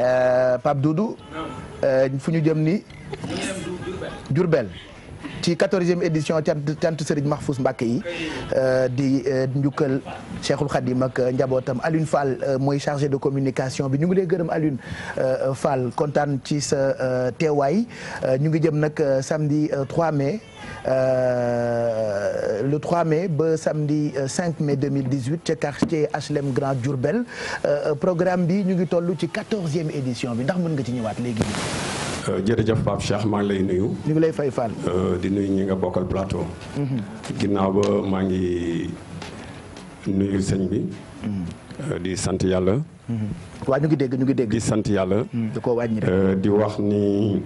Euh, Pape Doudou euh, fu ñu jëm ni Diourbel ci quatorzième édition cant cant Serigne Mahfous Mbacke yi euh, di euh, njukkal Cheikhul Khadim ak euh, njabootam Alioune Fall mooy chargé de communication bi ñu ngi lee gërëm Alioune Fall kontaan ci sa teewaay ñu ngi jëm nag samedi 3 mai le 3 mai ba samedi 5 mai 2018 ca quartier HLM Grand Diourbel programme bi ñu ngi toll ci quatorzième édition bi ndax mën nga ci ñëwaat léegi. Euh, jërëjëf Pape Cheikh maa ngi lay nuyu. ñu ngi lay fay Fall. Euh, di nuyu ñi nga bokkal plateau. Mm-hmm. ginnaaw ba maa ngi nuyu sëñ bi. Mm-hmm. Euh, di sant yàlla. Mm-hmm. waa ñu dégg ñu ngi dégg. di sant yàlla. di ko wàññi rek di wax ni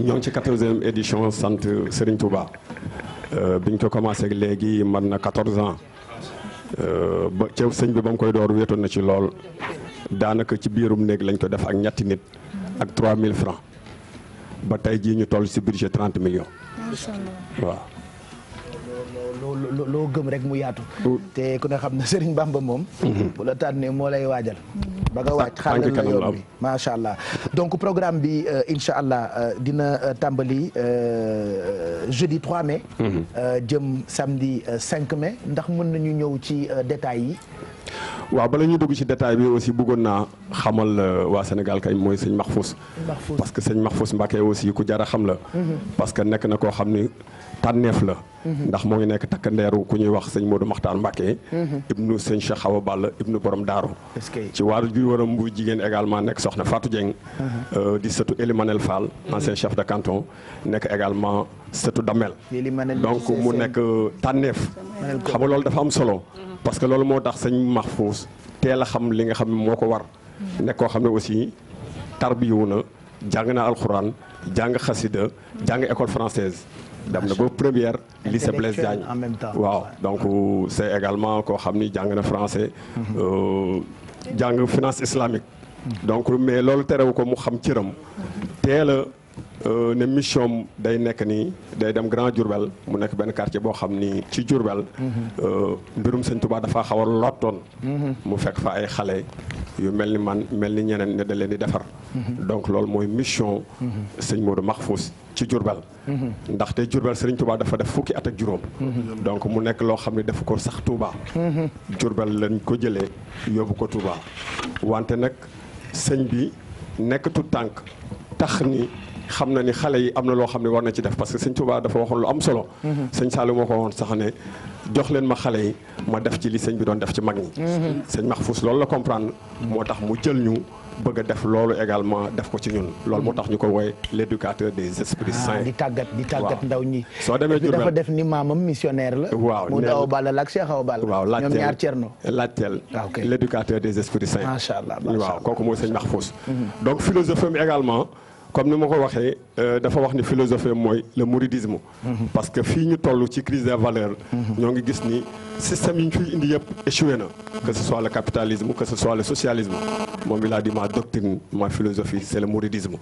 ñoo ngi ci quatorzième édition sant Serigne Touba. biñ ko commencé léegi man na quatorze ans. ba ca sëñ bi ba mu koy door wéetoon na ci lool daanaka ci biirum néeg lañ ko def ak ñetti nit ak trois mille francs ba tey jii ñu toll si budget 30 millions. macha allah waaw. gëm rek mu yaatu. ku ne xam na Serigne Bamba moom. Mhm. la tànnee moo lay waajal. Mhm. ba nga waaj xaaral la macha allah. donc programme bi euh, incha allah euh, dina euh, tàmbali jeudi 3 mai. Mhm. jëm samedi 5 mai ndax mën nañu ñëw ci détails yi. waaw bala ñuy dugg ci détail bi aussi bëggoon naa xamal euh, waa Sénégal kay mooy sëñ Mahfous parce que sëñ Mahfous Mbacké aussi ku jar xam la mhm. parce que nekk na koo xam ni tànneef la mhm. ndax moo ngi nekk takkandeeru ku ñuy wax sëñ Modou Makhtar Mbacké mhm. ibnu sëñ Cheikh Awa Balla ibnu borom daaru ci waaru bi waram bu jigéen également nekk soxna Fatou Dieng euh, di sëtu Elimanel Fall ancien chef de canton nekk également sëtu Damel donc mu nekk euh, tànneef xam nga loolu dafa am solo parce que loolu moo tax sëñ Mahfouz teel a xam li nga xam ne moo ko war. nekk koo xam ne aussi tarbiyu na jàng na alxuraan jàng xasida jàng école française dem na ba première lycée Blaise Diagne waaw donc euh, c'est également koo xam ni jàng na français. Mhm. Euh, jàng finance islamique. Mhm. donc mais loolu terewu ko mu xam cëram teel Euh, ne mission day nekk ni day dem Grand Diourbel mu nekk benn quartier boo xam ni ci Diourbel. Mhm. Euh, mbirum sëñ Touba dafa xaw a lottoon. Mhm. mu fekk fa ay xale yu mel ni man mel ni ñeneen ne da leen di defar. Mhm. donc loolu mooy mission. sëñ Modou Mahfous ci Diourbel. ndaxte Diourbel sëriñ Touba dafa def fukki at ak juróom. donc mu nekk loo xam ne def ko sax tuuba Diourbel lañ ko jëlee yóbbu ko Touba wante nag sëñ bi nekk tànk tax ni. xam na ni xale yi am na loo xam ne war na ci def parce que sëñ Touba dafa waxoon lu am solo. Mhm. sëñ Saliou moo ko waxoon sax ne jox leen ma xale yi ma def li sëñ bi doon def ci mag ñi. Mhm. sëñ Mahfous loolu la comprendre. moo tax mu jël ñu. bëgg a loolu également def ko ci ñun loolu moo tax ñu ko wooye l' éducateur des esprits ah, saints di tàggat di ndaw ñi soo demee Diourbel dafa def ni maamam missionnaire la waaw mu daaw balla laak Cheikh Awa Balla waaw ñoom ñaar cerno laajteel ah, l' éducateur des esprits saints macha allah waaw kooku mooy sëñ Mahfous mhm. donc philosophie également comme ni ma ko waxee euh, dafa wax ni philosophie mooy le mouridisme mhm. parce que fii ñu toll ci crise des valeurs mhm. ñoo ngi gis ni système yi ñu fiy indi yëpp échoué na que ce soit le capitalisme que ce soit le socialisme moom il a dit ma doctrine ma philosophie c'est le mouridisme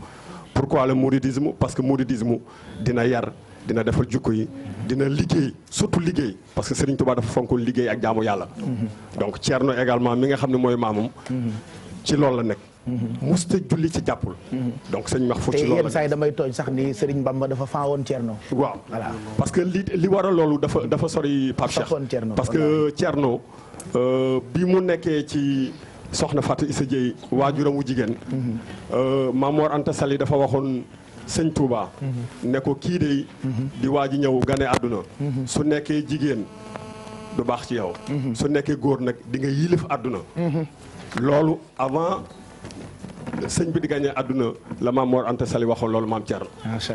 pourquoi le mouridisme parce que mouridisme dina yar dina defal jukko yi dina liggéey surtout liggéey parce que Serigne Touba dafa fonk liggéey ak jaamu yàlla mhm. donc Thierno également mi nga xam ne mooy maamam ci loolu la nekk musta julli ci jàppul. donc sëñ Mahfouz ci loolu te yenn saa yi sax ni Serigne Bamba dafa fan woon Thierno. waaw parce que li li war a loolu dafa dafa sori Pape Cheikh parce que Thierno euh, bi mu nekkee ci. soxna Fatou Issa Dieye waajuramu jigéen ma mhm. euh, Mamor Anta Sali dafa waxoon sëñ Touba mhm. ne ko kii de mhm. di waa ji ñëw gane àdduna su nekkee jigéen du baax ci yow su nekkee góor nag di nga yilif àdduna loolu avant sëñ bi di gagné àdduna la maam Mor Anta Sali waxoon loolu maam Thierno.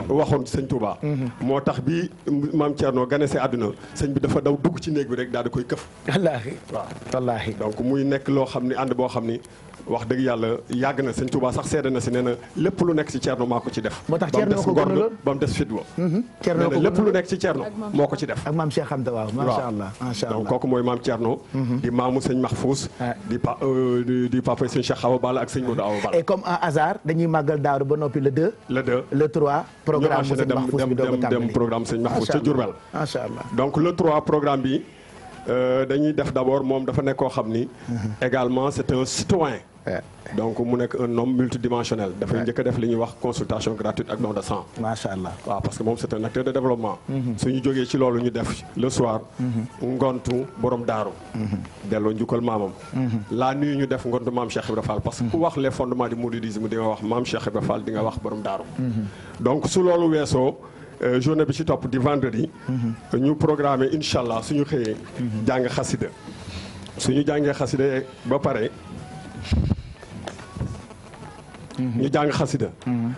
waxoon sëñ Touba. Mhm. moo tax bi maam Thierno gane bi dafa daw dugg ci néeg bi rek daal di koy loo xam ni ànd boo xam ni. wax dëgg yàlla na sëñ Touba sax na si nee na lépp lu nekk ci Thierno maa ko ci def. Mhm. lu nekk ci Thierno moo ko ci def. ak maam Cheikh Hamda waaw macha allah macha allah donc mhm. di maamu ah. di pa euh, di sëñ Cheikh Awa Balla ak sëñ Modou Awa Balla. comme un hasard dañuy màggal daaru ba noppi le 2. le 2 le 3. programme mu sëñ Mahfouz bi doog a tàmbali dem programme sëñ donc le 3 programme bi euh, dañuy def d' abord moom dafa nekk koo xam ni. Mhm. également c' est un donc mu nekk un homme multidimensionnel. dafay njëkk a def li ñuy wax consultation gratuite ak don de sang. macha allah waaw parce que moom c'est un acteur de mm-hmm. su ñu jógee ci loolu ñu def le soir. Mm-hmm. ngontu borom daaru. Mm-hmm. delloo njukkal maamam. la nuit ñu def ngontu maam Cheikh Ibra Fall parce que ku wax les fondements du mouridisme di nga wax maam Cheikh Ibra Fall di nga wax borom daaru. donc su loolu weesoo. Euh, journée bi ci topp di vendredi. ñu programmé incha ba pare. ñu jàng xasida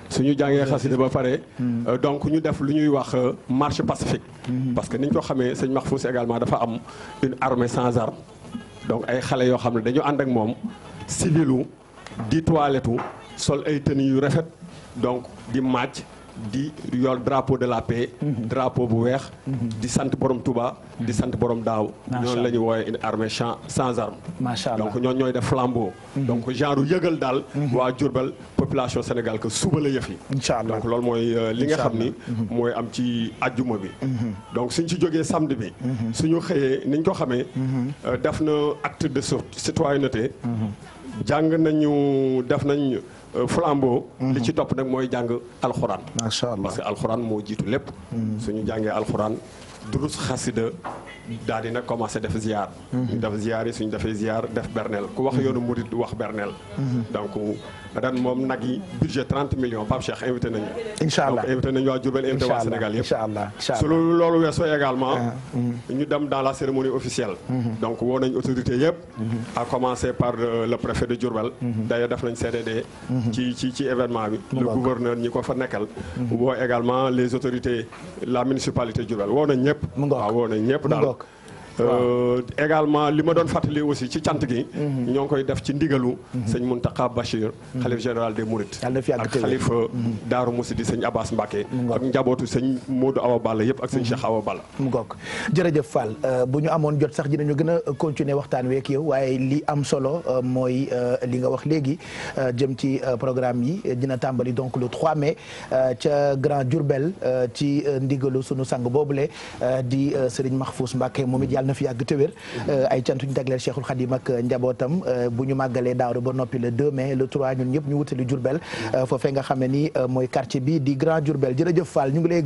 suñu jàngee xasida ba pare euh, donc ñu def lu ñuy wax euh, marché pacifique parce que niñ ko xamee sëñ Mahfouz également dafa am une armée sans armes donc ay xale yoo xam ne dañu ànd ak moom civilu di toilettu sol ay tenues yu rafet donc di màcc di yor drapeau de la paix. Mhm. drapeau bu weex. Mhm. di sant borom tubaa di mhm. sant borom daaw. ñoon la ñu woowee une armée sans sans arme. macha donc ñoom ñooy def flambeau. donc genre yëgal daal. waa Diourbel population Sénégal que suba la yëf yi. incha donc loolu mooy euh, li nga xam ni. mooy am ci ajjuma bi. donc suñ ci jógee samedi bi. suñu xëyee niñ ko xamee. Euh, def na acte de citoyenneté. jàng nañu def nañ. Euh, flambeau. li ci topp nag mooy jàng alxuraan. macha allah parce alxuraan moo jiitu lépp. Mm. suñu jàngee alxuraan durus xasida daal di nag commencé def ziar. ñu mhm. def ziar yi suñ defee ziar def bernel ku wax mhm. yoonu murit wax bernel. Mhm. donc ren moom nag yi budget 30 millions Pape Cheikh invité nañu. incha allah donc invité allah su loolu loolu également. Ah, mm. ñu dem dans la cérémonie officielle. donc woo nañ autorité yëpp. à commencer par euh, le préfet de Diourbel. d'ailleurs def nañ CDD. ci ci ci événement le gouverneur fa nekkal. woo également les autorités la municipalité Diourbel woo nañ ñëpp. waaw woo nañ daal. Euh, également li ma doon fàttali aussi ci cant gi. Mhm. ñoo ngi koy def ci ndigalu. Mhm. sëñ Mountakha Bachir. Mhm. xalif général des Mourides. ak xalif Daaru Musi di sëñ Abbas Mbacke. ak njabootu sëñ Modou Awa Balla yëpp ak sëñ Cheikh Awa Balla. mu goog jërëjëf Fall euh, bu ñu amoon jot sax dinañu gën a continuer waxtaan week yow waaye li am solo euh, mooy li nga wax léegi jëm ci programme yi dina tàmbali donc le 3 mai ca Grand Diourbel ci ndigalu sunu sang boobule di sëriñ Mahfous yàlla na fi yàgg te wér mm-hmm. ay cantuñ jagleel Cheikhul Khadim ak euh, njabootam euh, bu ñu màggalee daaw ba noppi le 2 mai le 3 ñun ñëpp ñu wutali Diourbel mm-hmm. euh, foofee nga xam ne ni mooy quartier bi di Grand Diourbel jërëjëf Fall ñu ngi lay